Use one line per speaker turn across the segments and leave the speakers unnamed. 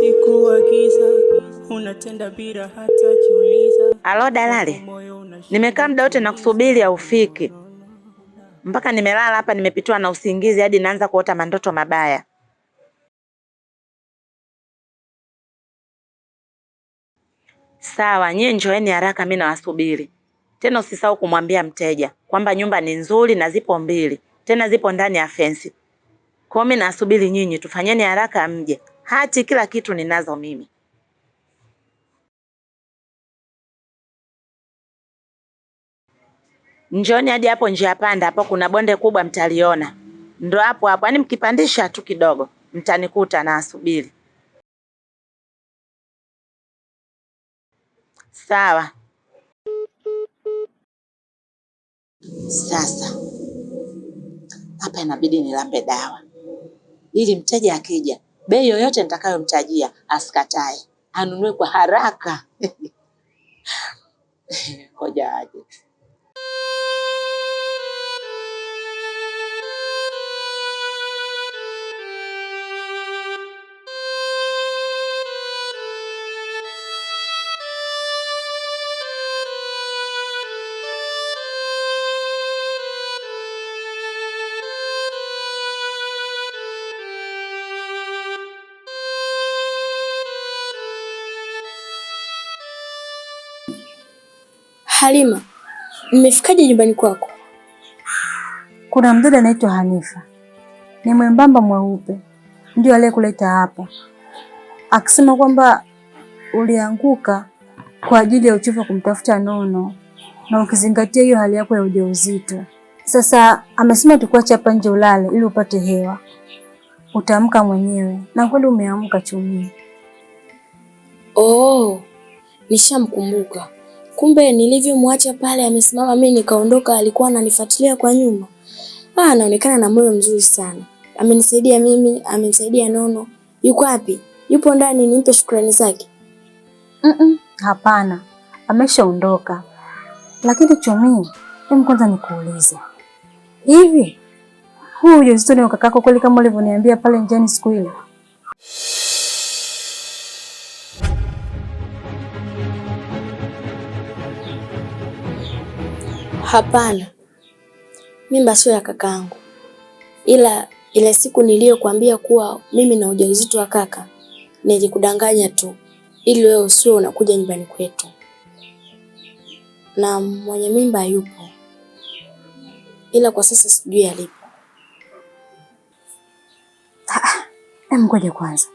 usiku wa giza unatenda bila hata kiuliza.
Alo dalali, nimekaa muda wote na kusubiri aufiki, mpaka nimelala hapa, nimepitiwa na usingizi hadi naanza kuota mandoto mabaya. Sawa, nyie njoeni haraka, mimi nawasubiri. Tena usisahau kumwambia mteja kwamba nyumba ni nzuri na zipo mbili, tena zipo ndani ya fensi. Kwa hiyo mimi nasubiri nyinyi, tufanyeni haraka mje hati, kila kitu ninazo mimi. Njoni hadi hapo njia panda, hapo kuna bonde kubwa, mtaliona. Ndo hapo hapo, yaani mkipandisha tu kidogo mtanikuta na asubiri. Sawa.
Sasa hapa inabidi nilape dawa ili mteja akija bei yoyote nitakayomtajia asikatae, anunue kwa haraka. Ngoja aje.
Halima, mmefikaje nyumbani kwako?
Kuna mdada anaitwa Hanifa, ni mwembamba mweupe, ndio aliyekuleta hapa, akisema kwamba ulianguka kwa ajili ya uchovu wa kumtafuta Nono na ukizingatia hiyo hali yako ya ujauzito. Sasa amesema tukuache hapa nje ulale ili upate hewa, utaamka mwenyewe, na kweli umeamka. Chumii.
Oh, nishamkumbuka Kumbe nilivyomwacha pale amesimama, mimi nikaondoka, alikuwa ananifuatilia kwa nyuma. Ah, anaonekana na moyo mzuri sana, amenisaidia mimi, amenisaidia Nono. Yuko wapi? Yupo ndani, nimpe shukrani zake?
mm -mm, hapana, ameshaondoka. Lakini Chomi, hebu kwanza nikuulize
hivi, huu ujauzito ni wa kakako kweli, kama ulivyoniambia pale njiani siku ile? Hapana, mimba sio ya kakaangu, ila ile siku niliyokuambia kuwa mimi na ujauzito wa kaka nilikudanganya tu ili wewe usio unakuja nyumbani kwetu, na mwenye mimba yupo, ila kwa sasa sijui alipo.
Ah, ah, ngoja kwanza,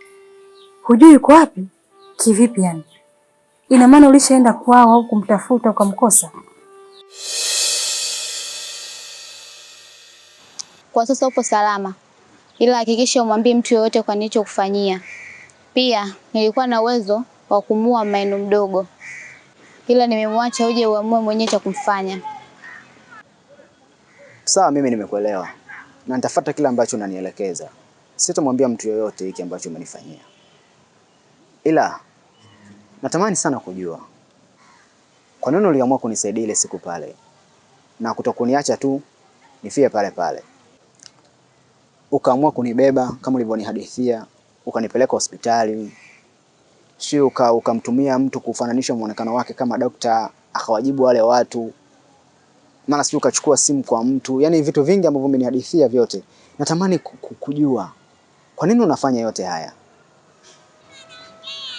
hujui yuko wapi? Kivipi yani? Ina maana ulishaenda kwao au kumtafuta ukamkosa?
Kwa sasa upo salama, ila hakikisha umwambie mtu yoyote kwa nilichokufanyia. Pia nilikuwa na uwezo wa kumua Maino mdogo, ila nimemwacha uje uamue mwenyewe cha kumfanya.
Sawa, mimi nimekuelewa na nitafuata kile ambacho unanielekeza. Sitamwambia mtu yoyote hiki ambacho umenifanyia, ila natamani sana kujua kwa nini uliamua kunisaidia ile siku pale na kutokuniacha tu nifie pale pale ukaamua kunibeba kama ulivyonihadithia, ukanipeleka hospitali, uka, ukamtumia mtu kufananisha muonekano wake kama dokta, akawajibu wale watu, maana sio ukachukua simu kwa mtu. Yani vitu vingi ambavyo umenihadithia vyote, natamani kujua kwa nini unafanya yote haya?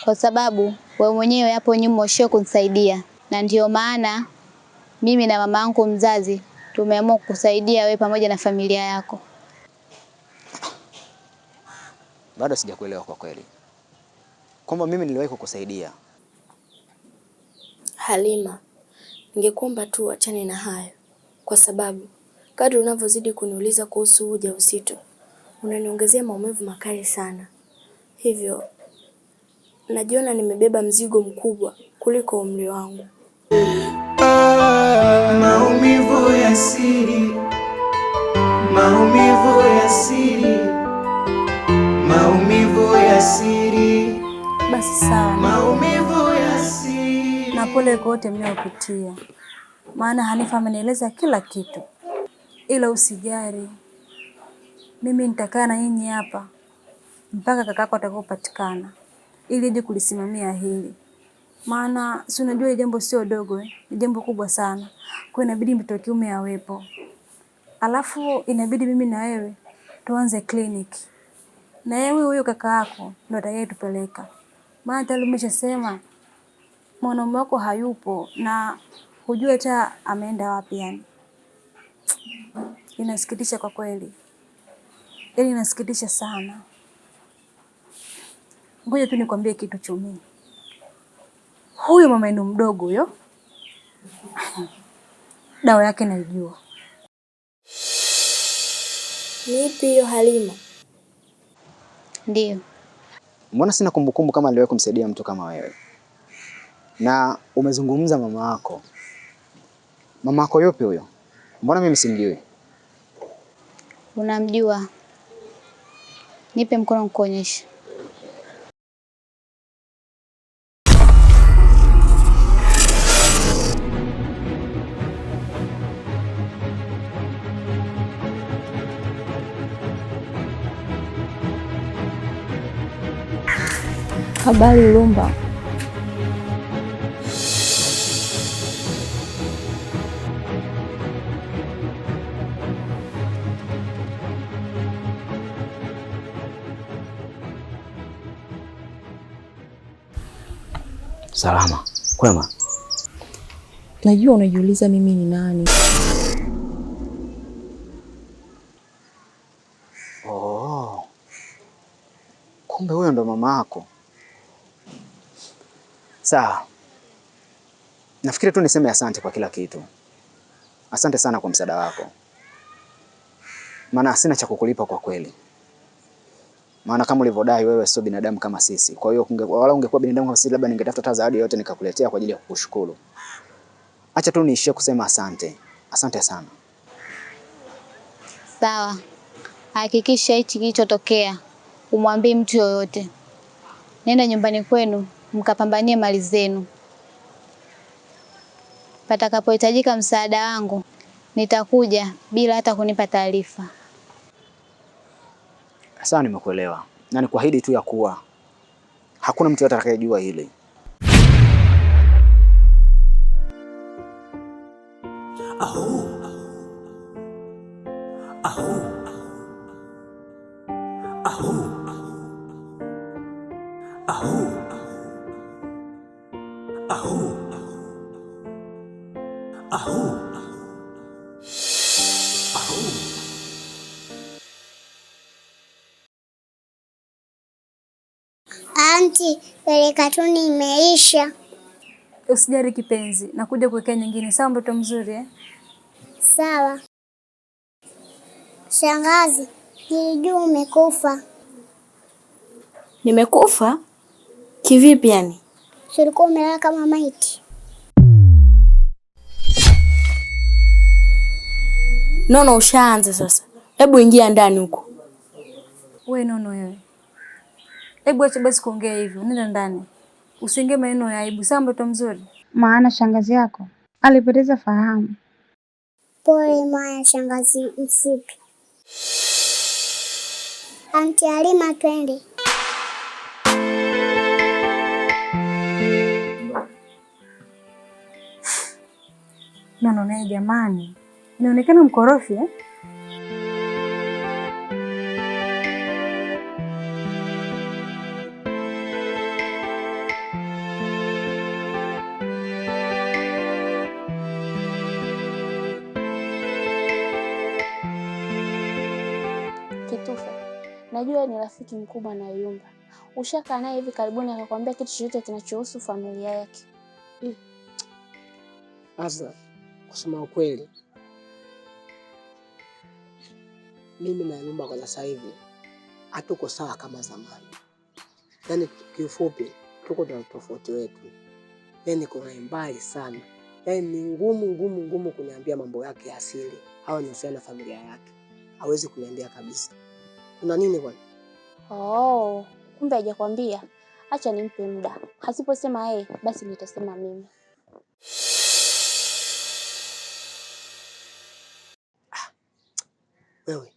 Kwa sababu wewe mwenyewe hapo nyuma ushio kunisaidia, na ndio maana mimi na mama yangu mzazi tumeamua kukusaidia wewe pamoja na familia yako
bado sijakuelewa kwa kweli, kwamba mimi niliwahi kukusaidia.
Halima, ningekuomba tu achane na hayo, kwa sababu kadri unavyozidi kuniuliza kuhusu ujauzito unaniongezea maumivu makali sana, hivyo najiona nimebeba mzigo mkubwa kuliko umri wangu.
Maumivu ya siri, maumivu ya siri siri,
basi sawa,
maumivu ya siri
na pole kwa wote mnayopitia, maana Hanifa amenieleza kila kitu, ila usijari mimi nitakaa na nyinyi hapa mpaka kakako atakapopatikana ili aje kulisimamia hili, maana si unajua ile jambo sio dogo eh, ni jambo kubwa sana, kwa inabidi mtoto wa kiume awepo, alafu inabidi mimi na wewe tuanze kliniki na yeye huyo kaka yako ndo atakayetupeleka, maana tayari umeshasema mwanaume wako hayupo na hujua hata ameenda wapi. Yani inasikitisha kwa kweli, yani inasikitisha sana. Ngoja tu nikwambie kitu Chumi, huyo mama yenu mdogo huyo dawa yake naijua.
Nipi hiyo Halima?
Ndiyo.
Mbona sina kumbukumbu kama aliwahi kumsaidia mtu kama wewe? Na umezungumza mama wako, mama wako yupi huyo? Mbona mimi simjui?
Unamjua, nipe mkono nikuonyeshe.
Habari Lumba.
Salama kwema.
Najua unajiuliza mimi ni nani.
Oh, kumbe huyo ndo mama yako. Sawa. Nafikiri tu niseme asante kwa kila kitu. Asante sana kwa msaada wako, maana sina cha kukulipa kwa kweli, maana kama ulivyodai wewe, sio binadamu kama sisi. Kwa hiyo wala ungekuwa binadamu kama sisi, labda ningetafuta hata zawadi yoyote nikakuletea kwa ajili ya kukushukuru. Acha tu niishie kusema asante, asante sana.
Sawa, hakikisha hichi kilichotokea umwambie mtu yoyote. Nenda nyumbani kwenu mkapambanie mali zenu. Patakapohitajika msaada wangu, nitakuja bila hata kunipa taarifa.
Sawa, nimekuelewa na nikuahidi tu ya kuwa hakuna mtu yote atakayejua hili.
katuni imeisha.
Usijari kipenzi, nakuja kuwekea nyingine. Sawa mtoto mzuri eh?
Sawa shangazi, nilijua umekufa.
Nimekufa kivipi yani?
Ulikuwa umelala kama maiti.
Nono, ushaanza sasa. Hebu ingia ndani huko. We Nono wewe Hebu acha basi kuongea hivyo, nenda ndani, usiingie maneno ya aibu. Sawa mtoto mzuri, maana shangazi yako alipoteza fahamu.
Pole maya shangazi mfupi. Anti alima twende.
Nono jamani, inaonekana mkorofi eh?
ambaye ni rafiki mkubwa na Yumba. Ushakaa naye hivi karibuni akakwambia kitu chochote kinachohusu familia yake? Hmm.
Asa, kusema ukweli mimi na Yumba kwa sasa hivi hatuko sawa kama zamani, yaani kiufupi tuko na tofauti wetu, yaani kuna mbali sana, yaani ni ngumu ngumu ngumu kuniambia mambo yake ya asili au yanahusiana na familia yake, hawezi kuniambia kabisa. Kuna nini bwana?
Oh, kumbe hajakwambia. Acha nimpe muda, asiposema yeye basi nitasema mimi.
Ah, wewe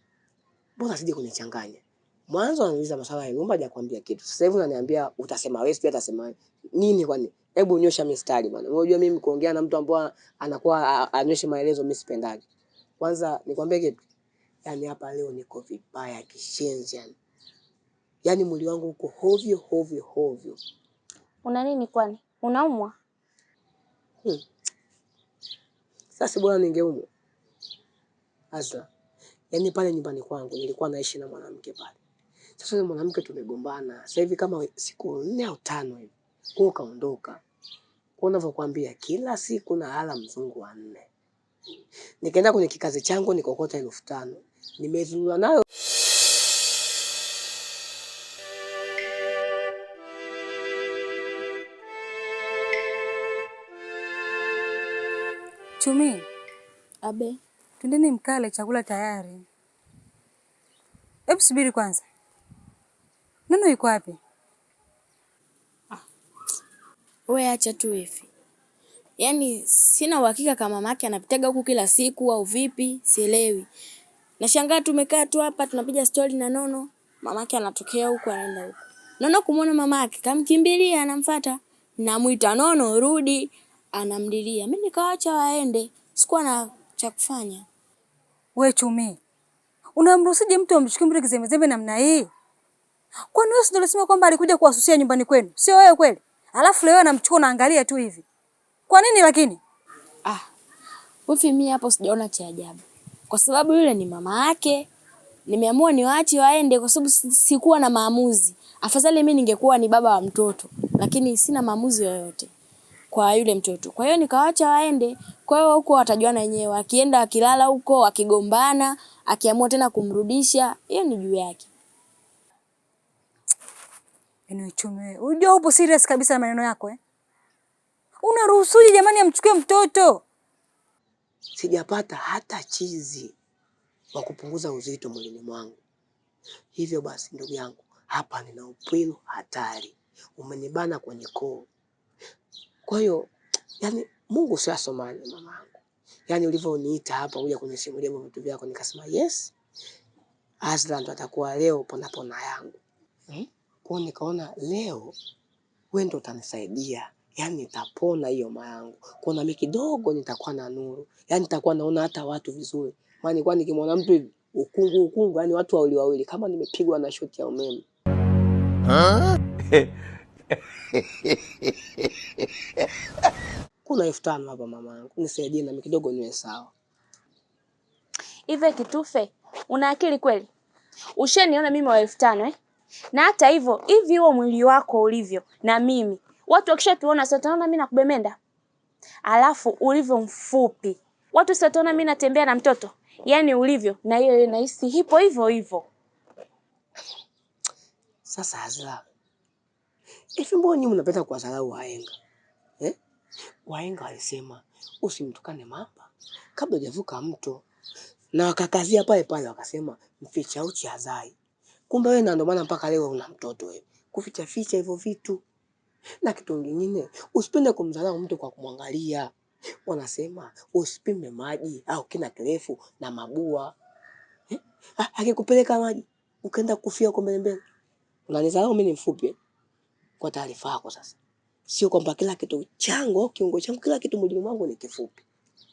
mbona sije kunichanganya? Mwanzo anauliza maswala ya nyumba, hajakwambia kitu. Sasa hivi unaniambia utasema wewe, sio atasema nini? Kwani hebu nyosha mistari bwana. Unajua mimi kuongea na mtu ambaye anakuwa anyoshe maelezo mimi sipendaje. Kwanza nikwambie kitu, yaani hapa leo niko vibaya kishenzi yani yaani mwili wangu uko hovyo hovyo hovyo.
Una nini kwani? Unaumwa? Hmm.
Sasa bwana ningeumwa Azla. Yaani pale nyumbani kwangu nilikuwa naishi na mwanamke pale. Sasa yule mwanamke tumegombana. Sasa hivi kama siku nne au tano hivi. Kwa kaondoka. Kwa unavyokuambia kila siku na hala mzungu wa nne. Nikaenda kwenye kikazi changu nikokota elfu tano. Nimezuiwa nayo.
Chumi, abe, twendeni mkale, chakula tayari. Hebu subiri kwanza, Nunu yuko wapi?
Ah. we acha tu hivi, yaani sina uhakika kama mamake anapitaga huku kila siku au vipi, sielewi. Nashangaa tumekaa tu hapa tunapiga stori na Nono, mamake anatokea huku anaenda huku. Nono kumwona mamake kamkimbilia, anamfata, namwita Nono, rudi anamlilia. Mimi nikawaacha waende, sikuwa na cha kufanya.
We Chumi, unamruhusije mtu amchukue mtu kizembezembe namna hii? Kwani wewe unasema kwamba alikuja kuwasusia nyumbani kwenu, sio wewe kweli? Alafu leo anamchukua unaangalia tu hivi, kwa nini? Lakini
ah, wifi, mimi hapo sijaona cha ajabu, kwa sababu yule ni mama yake. Nimeamua niwaache waende kwa sababu sikuwa na maamuzi. Afadhali mimi ningekuwa ni baba wa mtoto, lakini sina maamuzi yoyote kwa yule mtoto. Kwa hiyo nikawaacha waende. Kwa hiyo huko watajuana wenyewe. Akienda akilala huko, akigombana, akiamua tena kumrudisha, hiyo ni juu yake.
Yaani Unajua upo serious kabisa na maneno yako eh? Unaruhusuje jamani amchukue mtoto?
Sijapata hata chizi wa kupunguza uzito mwilini mwangu. Hivyo basi, ndugu yangu, hapa nina upwilu hatari, umenibana kwenye koo. Kwa hiyo yani, Mungu sio Asomani mamangu. Yani ulivyoniita hapa kuja kunisimulia vitu vyako, nikasema yes, Azra ndo atakuwa leo ponapona yangu eh? Kwao nikaona leo wewe ndo utanisaidia yani nitapona hiyo mayangu, kwa nami kidogo nitakuwa na nuru, yani nitakuwa naona hata watu vizuri, maana nilikuwa nikimwona mtu hivi ukungu ukungu, yani watu wawili wawili, kama nimepigwa na shoti ya umeme huh? kuna elfu tano hapa mama yangu, nisaidie nami kidogo niwe sawa.
Hivi kitufe, una akili kweli? Ushaniona mimi wa elfu tano eh? na hata hivyo hivi huo mwili wako ulivyo na mimi watu wakishatuona sasa wataona mimi nakubemenda, alafu ulivyo mfupi watu sasa wataona mimi natembea na mtoto, yaani ulivyo na hiyo nahisi hipo hivyo hivyo.
Sasa Azra, Hivi mbona nyinyi mnapenda kuwadharau wahenga? Eh? Wahenga walisema usimtukane mamba kabla hujavuka mto. Na wakakazia pale pale wakasema mficha uchi hazai. Kumbe wewe na ndio maana mpaka leo una mtoto wewe. Kuficha ficha hivyo vitu. Na kitu kingine, usipende kumdharau mtu kwa kumwangalia. Wanasema usipime maji au kina kirefu na mabua. Eh? Ha, Akikupeleka maji ukaenda kufia huko mbele mbele. Unanidharau mimi ni mfupi kwa taarifa yako sasa. Sio kwamba kila kitu chango, kiungo changu, kila kitu mwilini mwangu ni kifupi.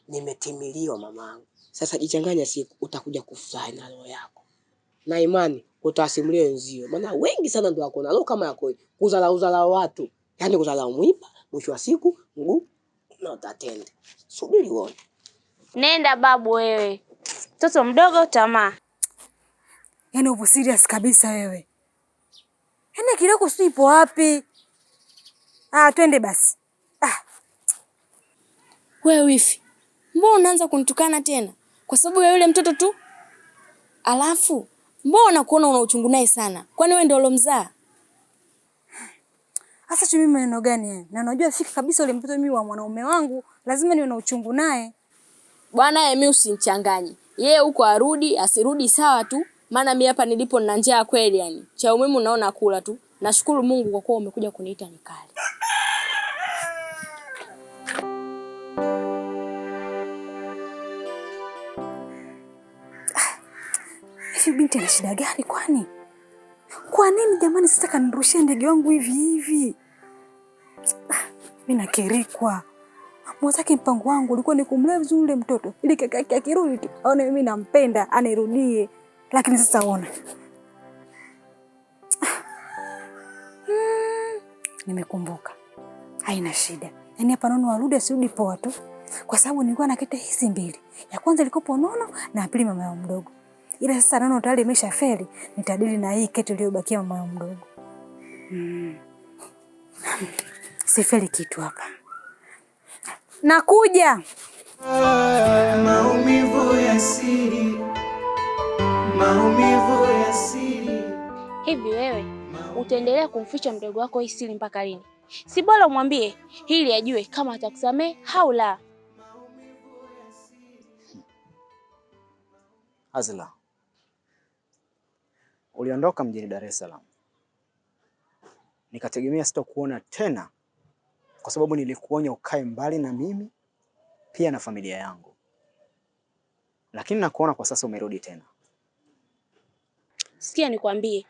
Nimetimiliwa mamangu. Sasa jichanganya siku, utakuja kufurahi na roho yako. Na imani utawasimulia wenzio. Maana wengi sana ndio wako na roho kama yako, kuzala uzala watu. Yaani kuzala mwiba, mwisho wa siku mguu na utatende. Subiri uone.
Nenda babu wewe. Mtoto mdogo tamaa.
Yaani upo serious kabisa wewe. Yaani akili yako ipo wapi? Ah, twende basi. Ah.
Wewe wifi. Mbona unaanza kunitukana tena? Kwa sababu ya yule mtoto tu? Alafu, mbona kuona una uchungu naye sana? Kwani wewe ndio ulomzaa?
Sasa tu mimi maneno gani haya? Yaani? Na unajua fika kabisa yule mtoto mimi wa mwanaume wangu, lazima niwe na uchungu naye.
Bwana, mimi usinichanganye. Yeye huko arudi, asirudi sawa tu maana mimi hapa nilipo nina njaa kweli, yani cha umuhimu naona kula tu. Nashukuru Mungu kwa kuwa umekuja kuniita nikali
ah, Hivi binti ana shida gani kwani? Kwa nini jamani sasa kanirushia ndege wangu hivi hivi? Ah, mimi nakirikwa. Mwenzake mpango wangu ulikuwa ni kumlea vizuri mtoto ili kaka yake akirudi tu aone mimi nampenda anirudie lakini sasa ona nimekumbuka. Haina shida, yaani hapa nono warudi asirudi poa tu, kwa sababu nilikuwa na kete hizi mbili, ya kwanza ilikopo nono na pili mama yao mdogo, ila sasa nono tayari imesha feli, nitadili na hii kete iliyobakia mama yao mdogo mm. Sifeli kitu hapa, nakuja maumivu ya siri
maumivu ya siri. Hivi wewe utaendelea kumficha mdogo wako hii siri mpaka lini? Si bora umwambie hili ajue kama atakusamehe au la.
Azla, uliondoka mjini Dar es Salaam, nikategemea sitokuona tena, kwa sababu nilikuonya ukae mbali na mimi pia na familia yangu, lakini nakuona kwa sasa umerudi tena.
Sikia nikwambie,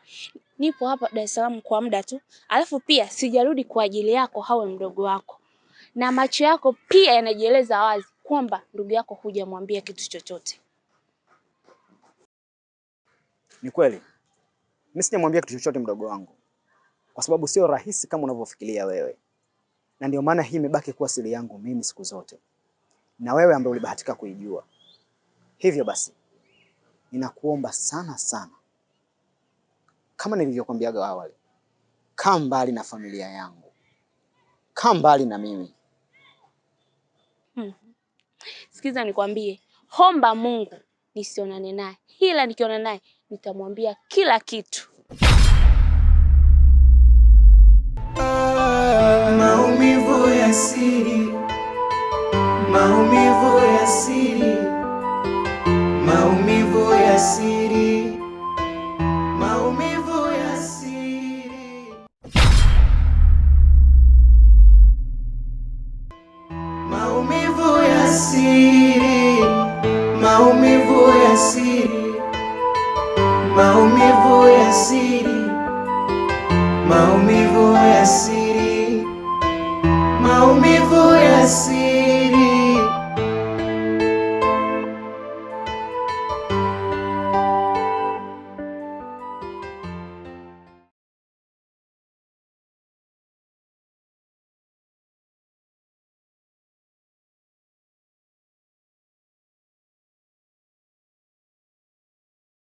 nipo hapa Dar es Salaam kwa muda tu, alafu pia sijarudi kwa ajili yako hawe mdogo wako, na macho yako pia yanajieleza wazi kwamba ndugu yako hujamwambia kitu chochote.
Ni kweli mimi sijamwambia kitu chochote mdogo wangu, kwa sababu sio rahisi kama unavyofikiria wewe, na ndio maana hii imebaki kuwa siri yangu mimi siku zote, na wewe ambaye ulibahatika kuijua. Hivyo basi, ninakuomba sana sana kama nilivyokwambiaga awali, kaa mbali na familia yangu, kaa mbali na mimi.
Hmm. Sikiza nikwambie, homba Mungu nisionane naye, ila nikiona naye nitamwambia kila kitu.
Maumivu ya siri, maumivu ya siri, maumivu ya siri. maumivu ya siri, maumivu ya siri, maumivu ya siri, maumivu ya siri, maumivu ya siri